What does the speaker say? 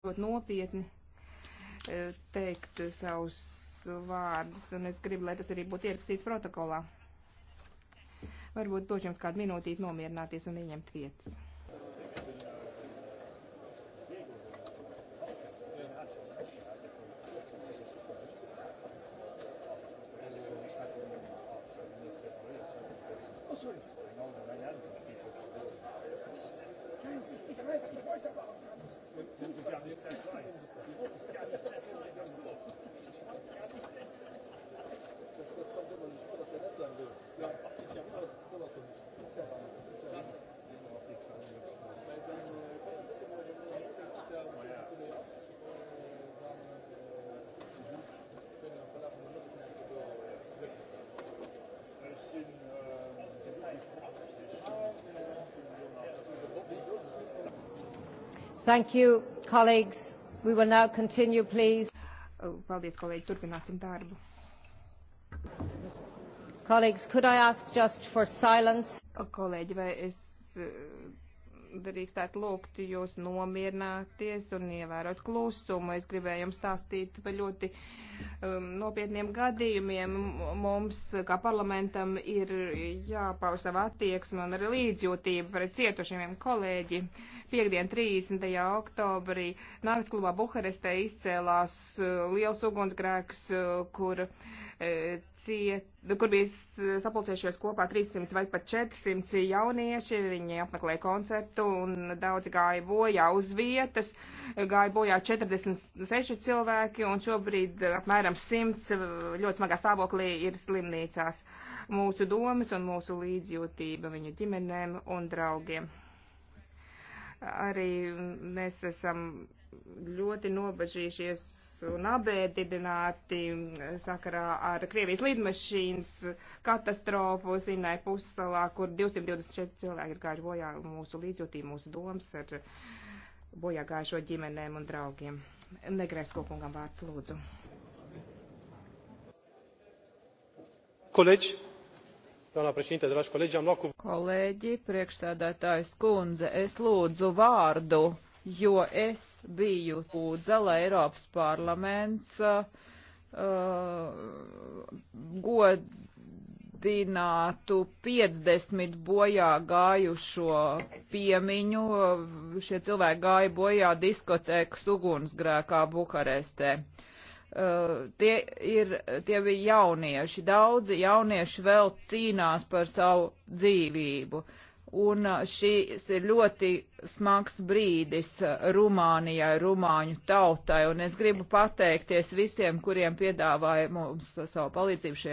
ļoti nopietni eh, teikt savus vārdus, un es gribu, lai tas arī būtu ierakstīts protokolā. Varbūt došu jums kādu minūtīti nomierināties un ieņemt vietas. Sorry. I know the way out of people. Can you speak the rest? What about? Thank you, colleagues. We will now continue, please. Paldies, kolēģi, turpināsim darbu. Colleagues, could I ask just for silence? Kolēģi, vai es drīkstētu lūgt jūs nomierināties un ievērot klusumu. Es gribēju jums stāstīt par ļoti um, nopietniem gadījumiem. Mums, kā parlamentam, ir jāpauž sava attieksme un arī līdzjūtība pret cietušiem kolēģi. Piektdien 30. oktobrī naktas klubā Buharestē izcēlās uh, liels ugunsgrēks, uh, kur uh, E, ciet, nu, kur bija sapulcējušies kopā 300 vai pat 400 jaunieši. Viņi apmeklēja koncertu un daudzi gāja bojā uz vietas. Gāja bojā 46 cilvēki un šobrīd apmēram 100 ļoti smagā stāvoklī ir slimnīcās. Mūsu domas un mūsu līdzjūtība viņu ģimenēm un draugiem. Arī mēs esam ļoti nobažījušies un apbēdināti sakarā ar Krievijas lidmašīnas katastrofu Sinai pussalā, kur 224 cilvēki ir gājuši bojā mūsu līdzjūtī, mūsu domas ar bojā gājušo ģimenēm un draugiem. Negresko kungam vārds lūdzu. Kolēģi, Doamna președinte, dragi colegi, am luat cuvântul. Colegi, priekšsēdētājs kundze, es lūdzu vārdu jo es biju lūdza, lai Eiropas parlaments uh, godinātu 50 bojā gājušo piemiņu. Šie cilvēki gāja bojā diskotēkas ugunsgrēkā Bukarestē. Uh, tie, ir, tie bija jaunieši. Daudzi jaunieši vēl cīnās par savu dzīvību. Uh, Un uh, šis ir ļoti smags brīdis uh, Rumānijai, Rumāņu tautai, un es gribu pateikties visiem, kuriem piedāvāja mums savu palīdzību šajā